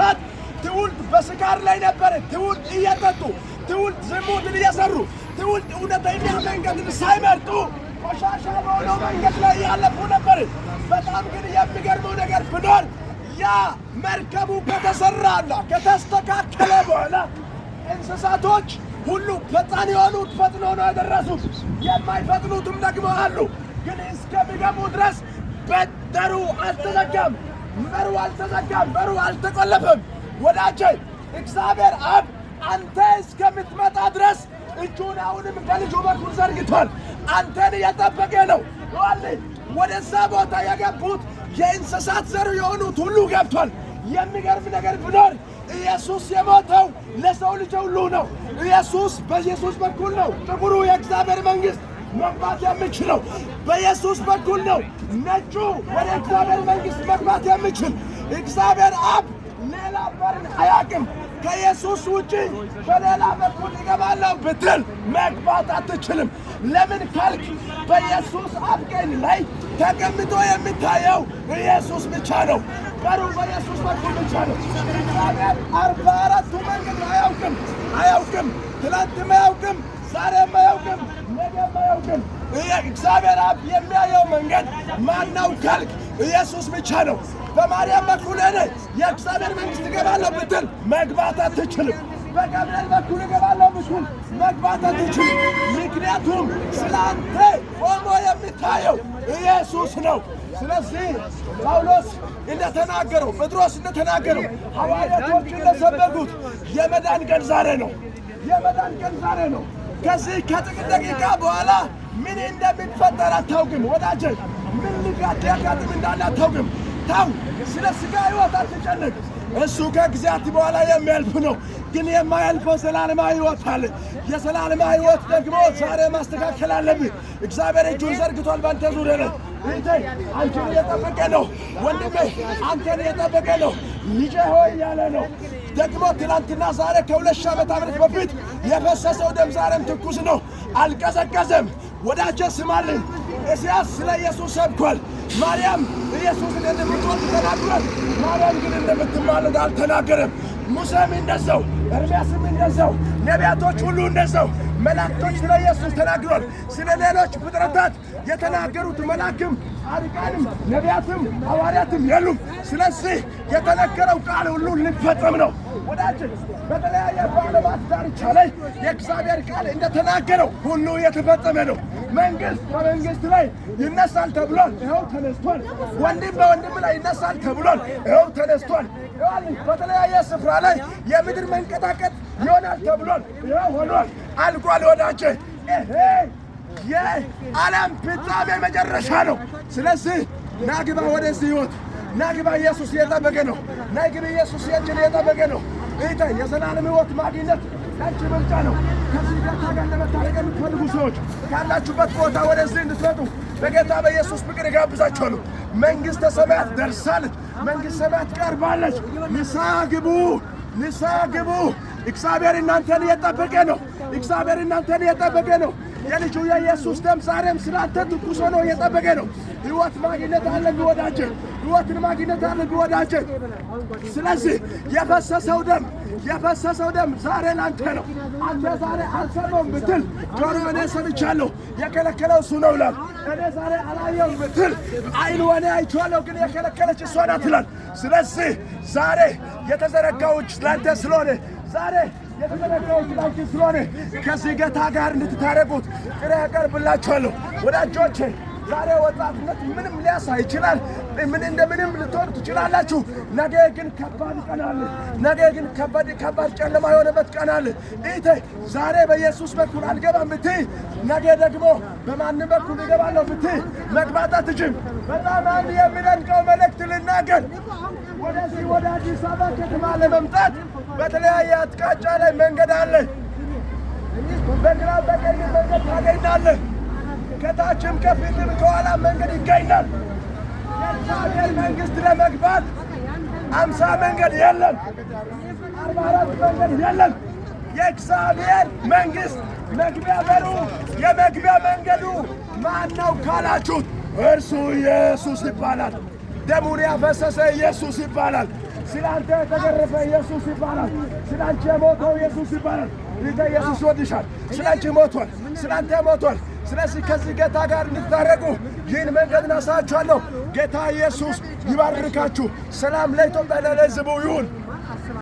በመርሳት ትውልድ በስካር ላይ ነበረ። ትውልድ እየጠጡ፣ ትውልድ ዝሙትን እየሰሩ፣ ትውልድ እውነተኛ መንገድን ሳይመርጡ ቆሻሻ በሆነው መንገድ ላይ ያለፉ ነበር። በጣም ግን የሚገርመው ነገር ብኖር ያ መርከቡ ከተሰራና ከተስተካከለ በኋላ እንስሳቶች ሁሉ ፈጣን የሆኑት ፈጥኖ ነው የደረሱት። የማይፈጥኑትም ደግሞ አሉ። ግን እስከሚገቡ ድረስ በደሩ አልተዘጋም። በሩ አልተዘጋም፣ በሩ አልተቆለፈም። ወዳጄ እግዚአብሔር አብ አንተ እስከምትመጣ ድረስ እጁን አሁንም በልጁ በኩል ዘርግቷል። አንተን እየጠበቀ ነው። ወደዛ ቦታ የገቡት የእንስሳት ዘር የሆኑት ሁሉ ገብቷል። የሚገርም ነገር ቢኖር ኢየሱስ የሞተው ለሰው ልጅ ሁሉ ነው። ኢየሱስ በኢየሱስ በኩል ነው ጥቁሩ የእግዚአብሔር መንግሥት መግባት የምችለው በኢየሱስ በኩል ነው። ነጩ ወደ እግዚአብሔር መንግሥት መግባት የምችል እግዚአብሔር አብ ሌላ በርን አያቅም። ከኢየሱስ ውጪ በሌላ በኩል ይገባለሁ ብትል መግባት አትችልም። ለምን ካልክ በኢየሱስ አብ ቀኝ ላይ ተቀምጦ የሚታየው ኢየሱስ ብቻ ነው። በሩ በኢየሱስ በኩል ብቻ ነው። እግዚአብሔር አርባ አራቱ መንገድ አያውቅም አያውቅም። እግዚአብሔር አብ የሚያየው መንገድ ማናው ካልክ ኢየሱስ ብቻ ነው። በማርያም በኩል ሄደ የእግዚአብሔር መንግሥት እገባለሁ ብትል መግባት አትችልም። በገብርኤል በኩል እገባለሁ ብትል መግባት አትችልም። ምክንያቱም ስላንተ ቆሞ የሚታየው ኢየሱስ ነው። ስለዚህ ጳውሎስ እንደተናገረው፣ ጴጥሮስ እንደተናገረው፣ ሐዋርያቶች እንደሰበኩት የመዳን ቀን ዛሬ ነው። የመዳን ቀን ዛሬ ነው። ከዚህ ከጥቂት ደቂቃ በኋላ ምን እንደሚፈጠር አታውቅም ወዳጄ። ምን ያጋጥም እንዳለ አታውቅም። ታው ስለ ስጋ ህይወት አትጨነቅ። እሱ ከጊዜያት በኋላ የሚያልፍ ነው። ግን የማያልፈው ዘላለማ ህይወት አለ። የዘላለማ ህይወት ደግሞ ዛሬ ማስተካከል አለብህ። እግዚአብሔር እጁን ዘርግቷል በአንተ ዙሪያ ነው። እንተ አንተን እየጠበቀ ነው ወንድሜ፣ አንተን እየጠበቀ ነው። ልጄ ሆይ ያለ ነው ደግሞ ትላንትና ዛሬ ከሁለት ሺህ ዓመት በፊት የፈሰሰው ደም ዛሬም ትኩስ ነው፣ አልቀዘቀዘም። ወዳጀ ስማልን እስያስ ስለ ኢየሱስ ሰብኳል። ማርያም ኢየሱስን እንደምትወድ ተናግሯል። ማርያም ግን እንደምትማልድ አልተናገረም። ሙሴም እንደዛው፣ ኤርምያስም እንደዛው፣ ነቢያቶች ሁሉ እንደዛው መላእክቶች ስለ ኢየሱስ ተናግሯል። ስለ ሌሎች ፍጥረታት የተናገሩት መላእክም፣ ጻድቃንም፣ ነቢያትም ሐዋርያትም የሉም። ስለዚህ የተነገረው ቃል ሁሉ ሊፈጸም ነው። ወዳችን በተለያየ በዓለማት ዳርቻ ላይ የእግዚአብሔር ቃል እንደተናገረው ሁሉ የተፈጸመ ነው። መንግስት በመንግሥት ላይ ይነሳል ተብሏል፣ ይኸው ተነስቷል። ወንድም በወንድም ላይ ይነሳል ተብሏል፣ ይኸው ተነስቷል። በተለያየ ስፍራ ላይ የምድር መንቀጣቀጥ ይሆናል ተብሎን ሆኗል፣ አልቋል። ወዳጄ ይሄ የዓለም ፍጻሜ መጨረሻ ነው። ስለዚህ ናግባ ወደዚህ ሕይወት ናግባ። ኢየሱስ የጠበቀ ነው። ናግብ ኢየሱስ የችን የጠበቀ ነው። እይታ የዘላለም ሕይወት ማግኘት ያቺ ምርጫ ነው። ከዚህ ጋታ ጋር ለመታረቅ የምትፈልጉ ሰዎች ካላችሁበት ቦታ ወደዚህ እንድትመጡ በጌታ በኢየሱስ ፍቅር ይጋብዛችኋሉ። መንግሥተ ሰማያት ደርሳለች። መንግሥተ ሰማያት ቀርባለች። ንስሐ ግቡ፣ ንስሐ ግቡ። እግዚአብሔር እናንተን እየጠበቀ ነው። እግዚአብሔር እናንተን እየጠበቀ ነው። የልጁ የኢየሱስ ደም ዛሬም ስላንተ ትኩስ ሆኖ እየጠበቀ ነው። ሕይወት ማግኘት አለብ ወዳጄ፣ ሕይወትን ማግኘት አለብ ወዳጄ። ስለዚህ የፈሰሰው ደም የፈሰሰው ደም ዛሬ ላንተ ነው። አንተ ዛሬ አልሰማሁም ብትል ጆሮ እኔ ሰምቻለሁ፣ የከለከለው እሱ ነው ይላል። እኔ ዛሬ አላየሁም ብትል አይን ወኔ አይቼዋለሁ፣ ግን የከለከለች እሷ ናት ይላል። ስለዚህ ዛሬ የተዘረጋው እጅ ላንተ ስለሆነ ዛሬ የተመረቀው ስላችሁ ስለሆነ ከዚህ ጌታ ጋር እንድትታረቁት ጥሪ ያቀርብላችኋለሁ ወዳጆቼ። ዛሬ ወጣትነት ምንም ሊያሳይ ይችላል። ምን እንደምንም ልትወዱ ትችላላችሁ። ነገ ግን ከባድ ቀን አለ። ነገ ግን ከባድ ከባድ ጨለማ የሆነበት ቀን አለ። ኢቴ ዛሬ በኢየሱስ በኩል አልገባም ብትይ፣ ነገ ደግሞ በማንም በኩል ይገባለሁ ብትይ መግባት አትችም። በጣም አንድ የሚደንቀው መልእክት ልናገር። ወደዚህ ወደ አዲስ አበባ ከተማ ለመምጣት በተለያየ አቅጣጫ ላይ መንገድ አለ። በግራ በቀኝ መንገድ ታገኛለህ። ከታችም ከፊትም ከኋላ መንገድ ይገኛል። የእግዚአብሔር መንግስት ለመግባት አምሳ መንገድ የለም፣ አርባ አራት መንገድ የለም። የእግዚአብሔር መንግስት መግቢያ በሩ የመግቢያ መንገዱ ማን ነው ካላችሁት፣ እርሱ ኢየሱስ ይባላል። ደሙን ያፈሰሰ ኢየሱስ ይባላል። ስላንተ የተገረፈ ኢየሱስ ይባላል። ስላንቺ የሞተው ኢየሱስ ይባላል። ጌታ ኢየሱስ ይወድሻል። ስላንቺ ሞቷል። ስላንተ ሞቷል። ስለዚህ ከዚህ ጌታ ጋር እንድታረቁ ይህን መንገድ ናሳያችኋለሁ። ጌታ ኢየሱስ ይባርካችሁ። ሰላም ለኢትዮጵያ ለሕዝቡ ይሁን።